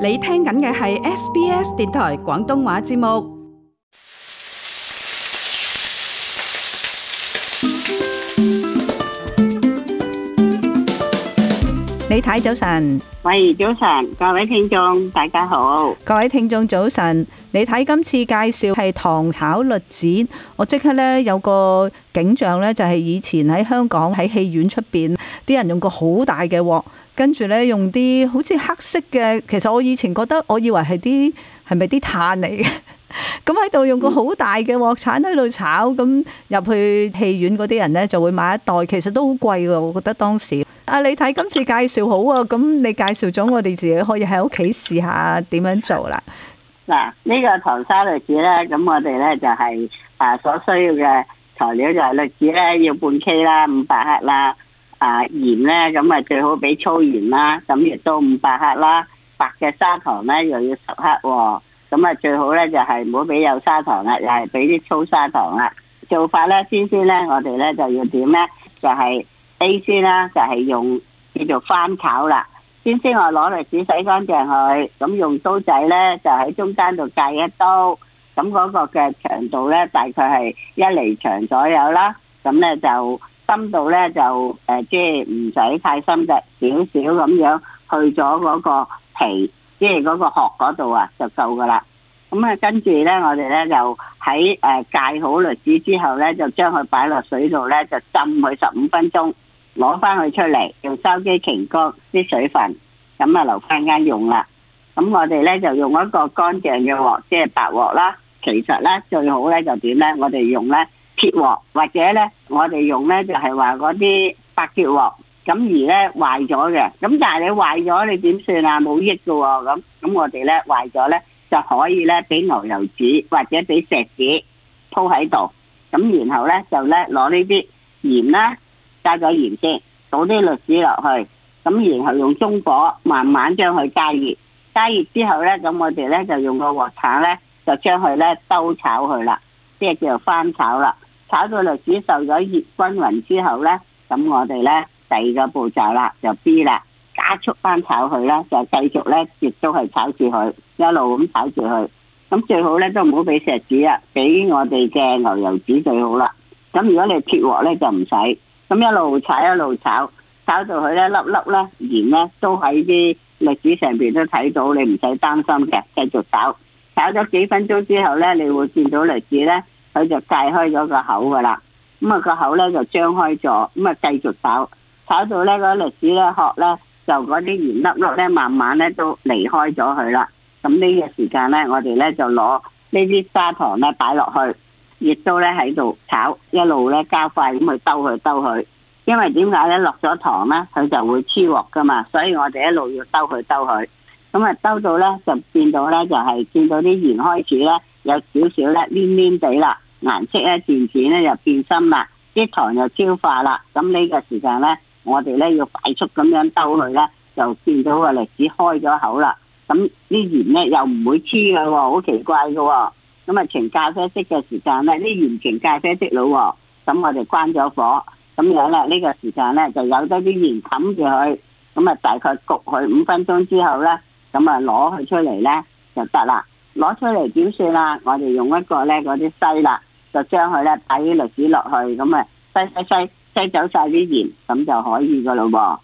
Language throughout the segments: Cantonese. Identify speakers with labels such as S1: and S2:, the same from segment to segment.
S1: 你聽緊嘅係 SBS 電台廣東話節目。你睇早晨，喂，早晨，各位聽眾，大家好，各位聽眾早晨。你睇今次介紹係糖炒栗子，我即刻咧有個景象咧，就係、是、以前喺香港喺戲院出邊，啲人用個好大嘅鑊。跟住咧用啲好似黑色嘅，其實我以前覺得，我以為係啲係咪啲炭嚟嘅？咁喺度用個好大嘅鑊鏟喺度炒，咁入去戲院嗰啲人咧就會買一袋，其實都好貴嘅。我覺得當時，啊你睇今次介紹好啊，咁你介紹咗我哋自己可以喺屋企試下點樣做啦。
S2: 嗱，呢個糖沙栗子咧，咁我哋咧就係、是、啊所需要嘅材料就係栗子咧、要半 K 啦、五百克啦。啊鹽咧，咁啊最好俾粗鹽啦，咁亦都五百克啦。白嘅砂糖咧又要十克喎，咁啊最好咧就係唔好俾幼砂糖啦，又係俾啲粗砂糖啦。做法咧，先先咧，我哋咧就要點咧，就係 A 鮮啦，就係用叫做翻炒啦。先先我攞嚟煮，就是、先先洗乾淨佢，咁用刀仔咧就喺中間度界一刀，咁、那、嗰個嘅長度咧大概係一厘長左右啦，咁咧就。深度咧就誒，即係唔使太深嘅，少少咁樣去咗嗰個皮，即係嗰個殼嗰度啊，就夠噶啦。咁啊，跟住咧，我哋咧就喺誒界好栗子之後咧，就將佢擺落水度咧，就浸佢十五分鐘，攞翻佢出嚟，用筲箕乾乾啲水分，咁啊留翻間用啦。咁、嗯、我哋咧就用一個乾淨嘅鑊，即係白鑊啦。其實咧最好咧就點咧，我哋用咧。或者咧，我哋用咧就係話嗰啲白鐵鑊，咁而咧壞咗嘅，咁但係你壞咗你點算啊？冇益噶喎、哦，咁咁我哋咧壞咗咧就可以咧俾牛油紙或者俾石紙鋪喺度，咁然後咧就咧攞呢啲鹽啦，加咗鹽先，倒啲栗子落去，咁然後用中火慢慢將佢加熱，加熱之後咧，咁我哋咧就用個鑊鏟咧就將佢咧兜炒佢啦，即係叫做翻炒啦。炒到嚟栗子受咗熱均勻之後咧，咁我哋咧第二個步驟啦，就 B 啦，加速翻炒佢啦，就繼續咧亦都係炒住佢，一路咁炒住佢。咁最好咧都唔好俾石子啊，俾我哋嘅牛油紙最好啦。咁如果你鐵鑊咧就唔使。咁一路炒一路炒，炒到佢咧粒粒咧鹽咧都喺啲栗子上邊都睇到，你唔使擔心嘅。繼續炒，炒咗幾分鐘之後咧，你會見到栗子咧。佢就戒開咗個口噶啦，咁啊個口咧就張開咗，咁啊繼續炒，炒到咧個栗子咧殼咧，就嗰啲鹽粒粒咧慢慢咧都離開咗佢啦。咁呢個時間咧，我哋咧就攞呢啲砂糖咧擺落去，亦都咧喺度炒，一路咧加快咁去兜去兜去。因為點解咧落咗糖咧，佢就會黐鑊噶嘛，所以我哋一路要兜去兜去。咁啊兜到咧就見到咧就係、是、見到啲鹽、就是、開始咧。有少少咧黏黏地啦，顏色咧漸漸咧就變深啦，啲糖又焦化啦。咁呢個時間咧，我哋咧要快速咁樣兜佢咧，就變到個粒子開咗口啦。咁啲鹽咧又唔會黐嘅、哦，好奇怪嘅、哦。咁啊，呈咖啡色嘅時間咧，呢完全咖啡色咯、哦。咁我哋關咗火，咁樣啦。呢、這個時間咧，就有咗啲鹽冚住佢，咁啊大概焗佢五分鐘之後咧，咁啊攞佢出嚟咧就得啦。攞出嚟點算啊？我哋用一個咧嗰啲篩啦，就將佢咧擺啲栗子落去，咁啊篩篩篩篩走晒啲鹽，咁就可以噶咯喎。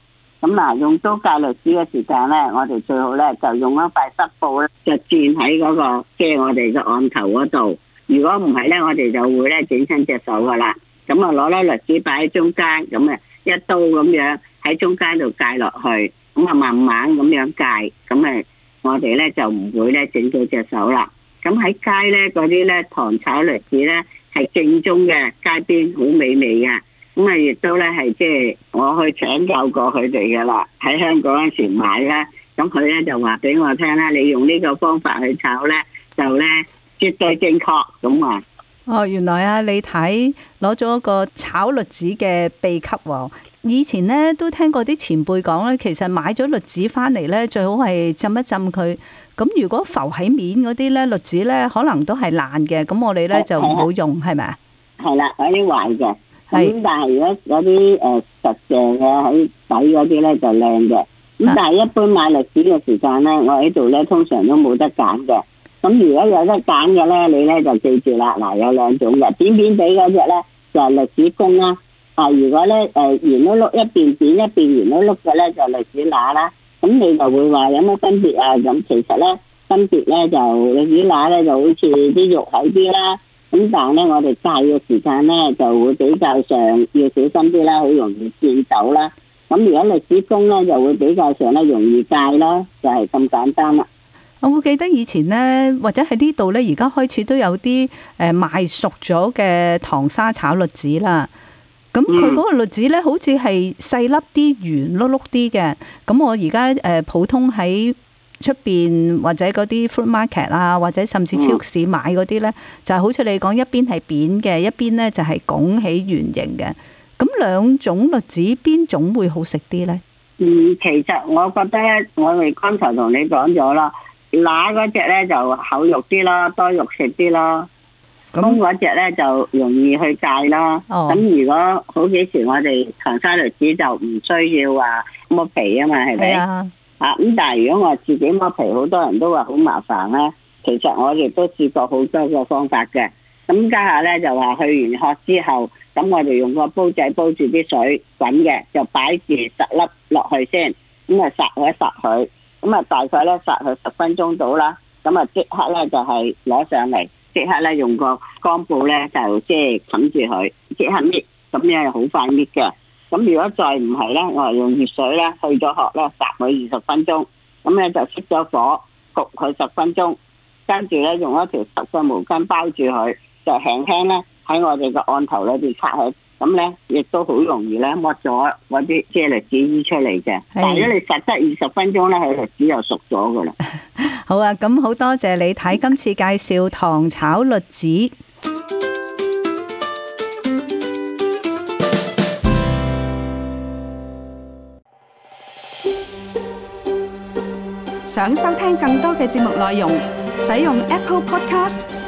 S2: 咁嗱，用刀介栗子嘅時間咧，我哋最好咧就用一塊濕布咧，就墊喺嗰個即係我哋嘅案頭嗰度。如果唔係咧，我哋就會咧整親隻手噶啦。咁啊，攞啲栗子擺喺中間，咁啊一刀咁樣喺中間度介落去，咁啊慢慢咁樣介，咁啊。我哋咧就唔會咧整到隻手啦。咁喺街咧嗰啲咧糖炒栗子咧係正宗嘅，街邊好美味噶。咁啊亦都咧係即係我去請教過佢哋噶啦，喺香港嗰時買咧，咁佢咧就話俾我聽啦，你用呢個方法去炒咧就咧絕對正確咁話。
S1: 啊、哦，原來啊，你睇攞咗個炒栗子嘅秘笈喎。以前咧都聽過啲前輩講咧，其實買咗栗子翻嚟咧，最好係浸一浸佢。咁如果浮喺面嗰啲咧，栗子咧可能都係爛嘅。咁我哋咧就唔好用，係咪
S2: 啊？係啦，有啲壞嘅。係、呃。但係如果嗰啲誒實淨嘅喺底嗰啲咧就靚嘅。咁但係一般買栗子嘅時間咧，我喺度咧通常都冇得揀嘅。咁如果有得揀嘅咧，你咧就記住啦。嗱，有兩種嘅，扁扁地嗰隻咧就係栗子公啦。啊！如果咧誒圓碌碌一邊扁一邊圓碌碌嘅咧，就栗子乸啦。咁你就會話有咩分別啊？咁其實咧分別咧就栗子乸咧就好似啲肉厚啲啦。咁但係咧，我哋戒嘅時間咧就會比較上要小心啲啦，好容易變走啦。
S1: 咁如果栗子公咧，就會比較上咧容易戒啦，就係咁簡單啦。我會記得以前咧，或者喺呢度咧，而家開始都有啲誒賣熟咗嘅糖沙炒栗子啦。咁佢嗰個栗子咧，好似係細粒啲，圓碌碌啲嘅。咁我而家誒普通喺出邊或者嗰啲 food market 啊，或者甚至超市買嗰啲咧，嗯、就係好似你講一邊係扁嘅，一邊咧就係拱起圓形嘅。咁兩種栗子邊種會好食啲咧？嗯，
S2: 其實我覺得我哋剛才同你講咗啦，揦嗰隻咧就厚肉啲啦，多肉食啲啦。咁嗰隻咧就容易去戒咯。咁如果好幾時我哋唐三六子就唔需要話剝皮啊嘛，係咪？係啊。咁，但係如果我自己剝皮，好多人都話好麻煩咧。其實我亦都試過好多個方法嘅。咁家下咧就話去完殼之後，咁我哋用個煲仔煲住啲水滾嘅，就擺住十粒落去先。咁啊，霎佢一霎佢，咁啊，大概咧霎佢十分鐘到啦。咁啊，即刻咧就係攞上嚟。即刻咧用個乾布咧就即係冚住佢，即刻搣，咁樣好快搣嘅。咁如果再唔係咧，我係用熱水咧，去咗殼咧，烚佢二十分鐘，咁咧就熄咗火，焗佢十分鐘，跟住咧用一條濕嘅毛巾包住佢，就輕輕咧喺我哋個案頭裏邊擦佢。咁咧，亦都好容易咧，剝咗嗰啲栗子衣出嚟嘅。的但如果你熟得二十分鐘咧，個栗子又熟咗噶啦。
S1: 好啊，咁好多謝你睇今次介紹糖炒栗子。 想收聽更多嘅節目內容，使用 Apple Podcast、